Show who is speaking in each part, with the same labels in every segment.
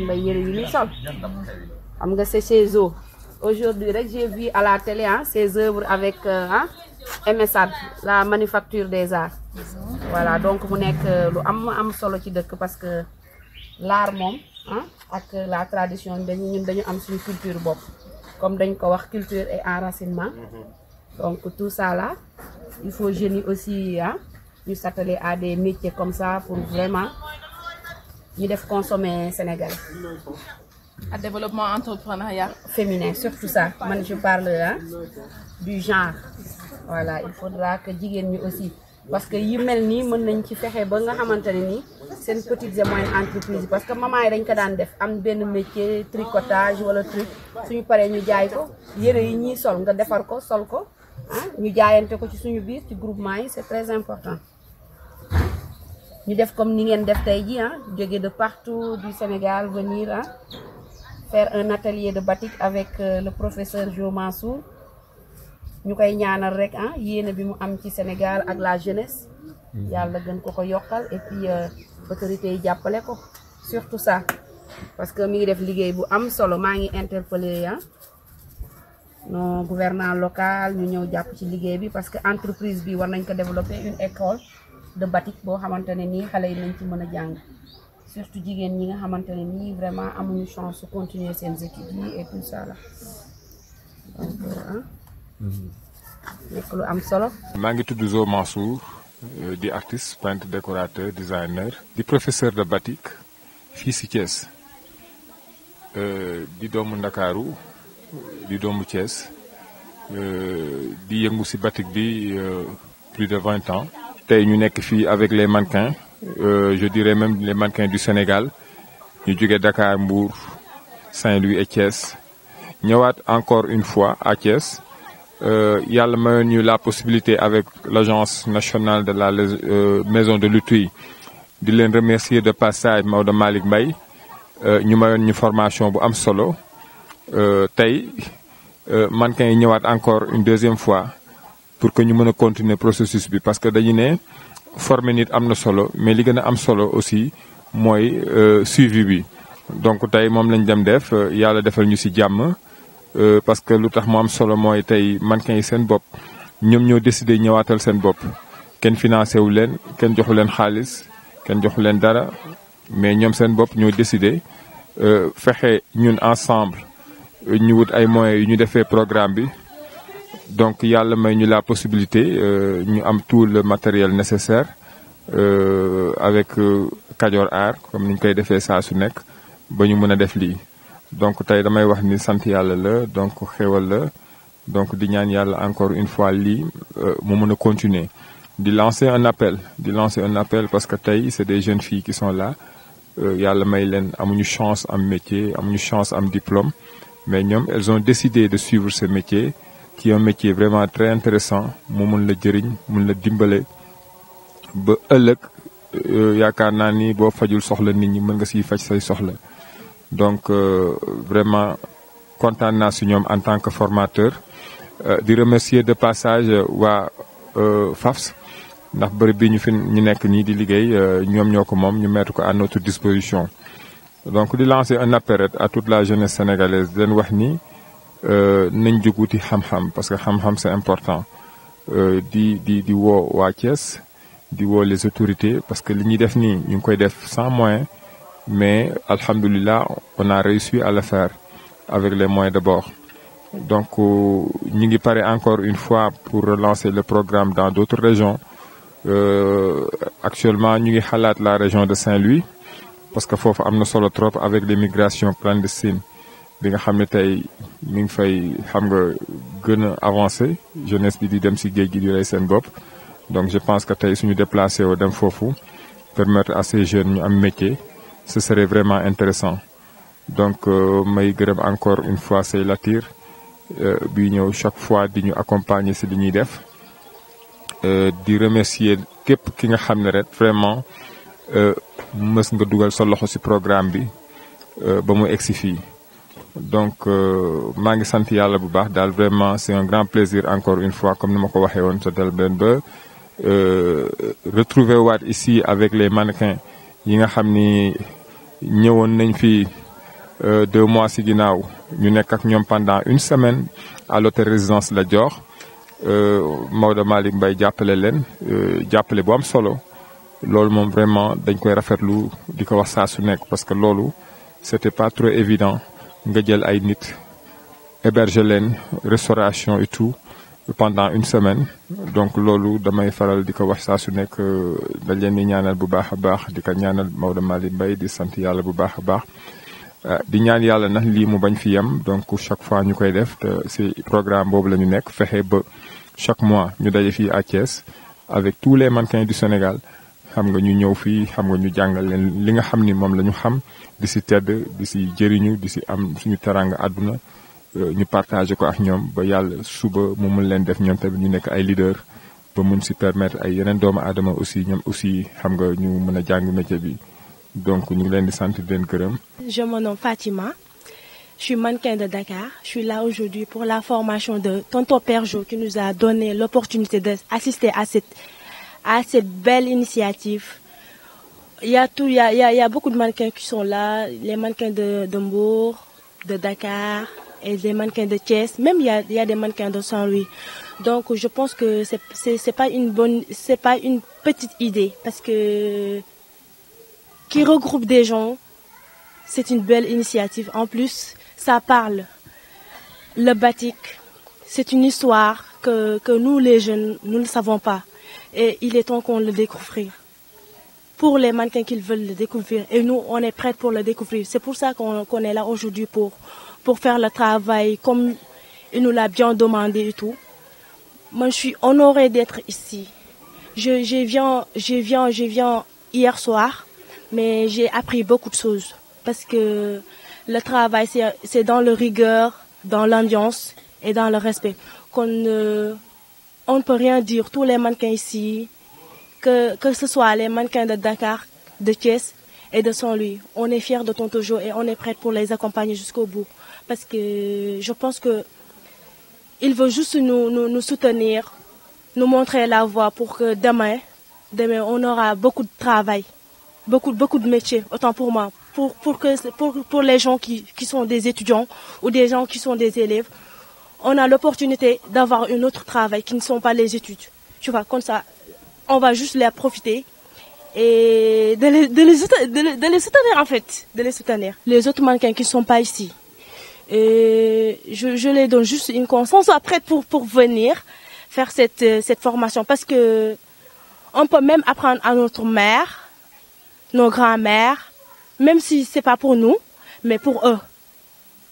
Speaker 1: nañ ma yëre yu ñuy sol xam nga c'est chez eux aujourd'hui rek j'ai vu à la télé ah ses œuvres avec ah, ah MSAD la manufacture des arts voilà donc mu nekk lu am am solo ci dëkk parce que l'art moom ah, ak la tradition dañu dañu am suñu culture bopp comme dañ ko wax culture et enracinement donc tout ça il faut jeunes yi aussi ah ñu s'atteler à des métiers comme ça pour vraiment ñu def consommer sénégal ak développement entrepreneuriat. féminin surtout ça man je parle du genre voilà il faudra que jigéen ñi aussi parce que yu mel nii mën nañ ci fexe ba nga xamante ne nii seen petites et moyennes entreprises parce que maman yi dañ ko daan def am benn métier tricotage wala truc suñu paree ñu jaay ko yëre yi ñuy sol nga defar ko sol ko ah ñu jaayante ko suñu biir ci groupement yi c'est très important. ñu def comme ni ngeen def tey ji ah, jóge de partout du Sénégal venir ah faire un atelier de batik avec euh, le professeur Jo Mansour ñu koy ñaanal rek ah yéene bi mu am ci Sénégal ak la jeunesse mhm. yàlla gën ko ko yokkal et puis euh, autorités yi jàppale ko surtout ça parce que mi ngi def liggéey bu am solo maa ngi interpellé ah non gouvernant local ñu ñëw jàpp ci liggéey bi parce que entreprise bi war nañ ko développer une école de batik boo xamante ne nii xale yi nañ ci mën a jàng surtout jigéen ñi nga xamante nii vraiment amuñu chance su continuer seen études yi et tout ça là euh, mm-hmm. am solo.
Speaker 2: maa ngi tudd Zo Mansour euh, di artiste peintre décorateur designer. di professeur de batik fii si Thiès euh, di doomu Ndakaaru di doomu Thiès di yëngu si batik bi plus de vingt ans. tey ñu nekk fii avec les mannequins euh, je dirais même les mannequins du Sénégal ñu jóge Dakar Mbour Saint-Louis et Thiès ñëwaat encore une fois à Thiès euh, yàlla mayoon ñu la possibilité avec l'agence nationale de la euh, maison de l'outil di leen remercier de passage Maodo Malick Mbaye ñu mayoon ñu formation bu am solo tey mannequins yi ñëwaat encore une deuxième fois pour que ñu mën a continuer processus bi parce que dañu ne former nit am na solo mais li gën a am solo aussi mooy euh, suivi bi donc tey moom lañ dem def euh, yàlla defal ñu ci jàmm euh, parce que lu tax mu am solo mooy tey mannequin yi seen bopp ñoom ñoo décidé ñëwaatal seen bopp kenn financé wu leen kenn joxu leen xaalis kenn joxu leen dara mais ñoom seen bopp ñoo décidé fexe ñun ensemble ñu wut ay moyens yu ñu defee programme bi donc yàlla may ñu la possibilité euh, ñu am tout le matériel nécessaire euh, avec euh, Kadior Art comme ni ñu koy defee saa su nekk ba ñu mën a def lii donc tey damay wax ni sant yàlla la donc xéwal la donc di ñaan yàlla encore une fois lii mu mën a continuer di lancer un appel di lancer un appel parce que tey c'est des jeunes fii ki sont la yàlla may leen amuñu chance am métier amuñu chance am diplôme mais ñoom elles ont décidé de suivre ce métier ci un métier très intéressant moo mun la jëriñ mun la dimbale ba ëllëg euh, yaakaar naa ni boo fajul soxla nit ñi mën nga si faj say soxla donc euh, vraiment kontaan naa si ñoom en tant que formateur euh, di remercier de passage waa FAFS ndax bërëb bi ñu fi ñu nekk nii di liggéey ñoom ñoo ko moom ñu mettre ko à notre disposition donc di lancer un appel à toute la jeunesse sénégalaise di leen wax nii Euh, nañ jug wuti xam-xam parce que xam-xam c'est important euh, di di di woo waa Thiès di woo les autorités parce que li ñuy def nii ñu ngi koy def sans moyen mais alhamdulilah on a réussi à le faire avec les moyens de bord donc euh, ñu ngi pare encore une fois pour relancer le programme dans d'autres régions actuellement ñu ngi xalaat la région de Saint-Louis parce que foofu am na solo trop avec les migrations clandestines bi nga xam ne tey mu ngi fay xam nga gën a avancé jeunesse bi di dem si géej gi di rey seen bopp donc je pense que tey suñu déplacé woo dem foofu permettre à ces jeunes ñu am métier ce serait vraiment intéressant donc euh, may gërëm encore une fois say latir euh, bi ñëw chaque fois di ñu accompagner si li ñuy def euh, di remercier képp ki nga xam ne rek vraiment mës nga dugal sa loxo si programme bi ba mu egsi fii donc euh, maa ngi sant yàlla bu baax daal vraiment c'est un grand plaisir encore une fois comme ni ma ko waxee woon sa del benn ba euh, retrouver waat issi avec les mannequins yi nga xam ni ñëwoon nañ fi euh, deux mois ci ginnaaw ñu nekk ak ñoom pendant une semaine à l'hôtel résidence La Dior Maodo Malick mbay jàppale leen jàppale bu am solo loolu moom vraiment dañ koy rafetlu di ko wax saa su nekk parce que loolu c'était pas trop évident nga jël ay nit héberger leen restauration et tout pendant une semaine donc loolu damay faral di ko wax saa su nekk euh, dañ leen di ñaanal bu baax a baax di ko ñaanal Maodo Malick mbay di sant yàlla bu baax a baax euh, di ñaan yàlla nag lii mu bañ fi yem donc chaque fois ñu koy def si programme boobu la ñu nekk fexe ba chaque mois ñu daje fii à Thiès avec tous les mannequins du Sénégal xam nga ñu ñëw fii xam nga ñu jàngal leen li nga xam ni moom la ñu xam di si tedd di si jëriñu di si am suñu teraanga àdduna euh, ñu partagé ko ak ñoom ba yàlla suba mu mën leen def ñoom tamit ñu nekk ay leader ba mun si permettre ay yeneen doomu aadama aussi ñoom aussi xam nga ñu mën a jàng métier bi donc ñu ngi leen di santi di leen gërëm.
Speaker 3: Je me nomme Fatima. Je suis mannequin de Dakar. suis là aujourd'hui pour la formation de Tonton Perjo qui nous a donné l'opportunité d'assister à cette belle initiative. Il y a tout, il y a, il y a beaucoup de mannequins qui sont là, les mannequins de, de Mbourg, de Dakar et des mannequins de Thiès. Même il y a, des mannequins de Saint-Louis. Donc je pense que c'est c'est pas une bonne pas une petite idée parce que qui regroupe des gens, c'est une belle initiative. En plus, ça parle. Le batik, c'est une histoire que, que nous les jeunes, nous ne savons pas. et il est temps qu'on le découvre. Pour les mannequins qui veulent le découvrir. Et nous, on est prêts pour le découvrir. C'est pour ça qu'on qu est là aujourd'hui pour, pour faire le travail comme il nous l'a bien demandé et tout. Moi, je suis honorée d'être ici. Je, je, viens, je viens, je viens hier soir, mais j'ai appris beaucoup de choses parce que le travail, c'est dans le rigueur, dans l'ambiance et dans le respect. Qu'on euh, on ne peut rien dire. Tous les mannequins ici, que, que ce soit les mannequins de Dakar, de Thiès et de Saint-Louis, on est fiers de Tonto Jo et on est prêts pour les accompagner jusqu'au bout. Parce que je pense que il veut juste nous, nous, nous, soutenir, nous montrer la voie pour que demain, demain, on aura beaucoup de travail, beaucoup, beaucoup de métiers, autant pour moi, pour, que, pour, pour les gens qui, qui sont des étudiants ou des gens qui sont des élèves. on a l'opportunité d'avoir un autre travail qui ne sont pas les études. on va juste les profiter et de les, de les, soutenir en fait, de les soutenir. Les autres mannequins qui ne sont pas ici. Et je, les donne une conscience après pour, pour venir faire cette, euh, cette formation parce que on peut même apprendre à notre mère, nos grands-mères, même si c'est pas pour nous, mais pour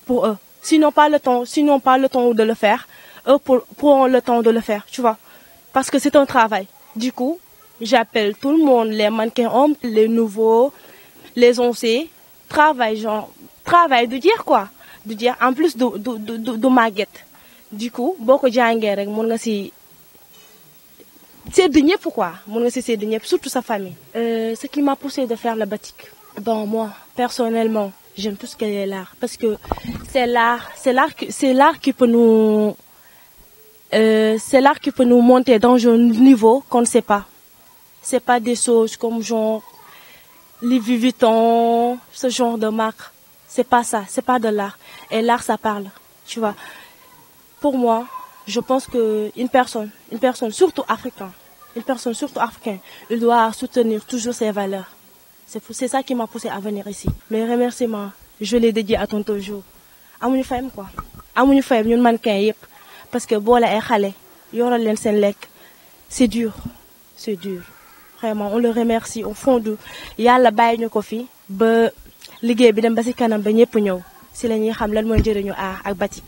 Speaker 3: Pour eux. S'ils n'ont pas le temps, s'ils n'ont pas le temps de le faire, eux pourront le temps de le faire, tu Parce que c'est un travail. Du coup, j'appelle tout le monde, les mannequins hommes, les nouveaux, les oncés, travail, genre, travail de dire quoi De dire en plus de, de, de, du de maguette. Du coup, beaucoup de gens qui c'est de ñëpp quoi mun nga si c'est de ñëpp surtout sa famille. Euh, ce qui m'a poussé de faire le batik. bon moi personnellement j'aime tout ce qui c'est l'art. C'est l'art, c'est l'art qui peut nous, euh, c'est l'art qui peut nous monter dans un niveau qu'on ne sait pas. C'est pas des choses comme genre les Vuitton, ce genre de marque. C'est pas ça, c'est pas de l'art. Et l'art, ça parle, tu vois. Pour moi, je pense que une personne, personne surtout africaine, une surtout africaine, il doit soutenir toujours ses valeurs. C'est ça qui m'a poussé à venir ici. Mes remerciements, je les dédie à ton toujours. amuñu fayam ko amuñu fayam ñun mannequin yëpp parce que boole ay xale yoral leen seen lekk c'est dur c'est dur vraiment on le remercie au fond du yàlla bàyyi ñu ko fi ba liggéey bi dem ba ci kanam ba ñëpp ñëw si la ñuy xam lan mooy njëriñu aar ak batik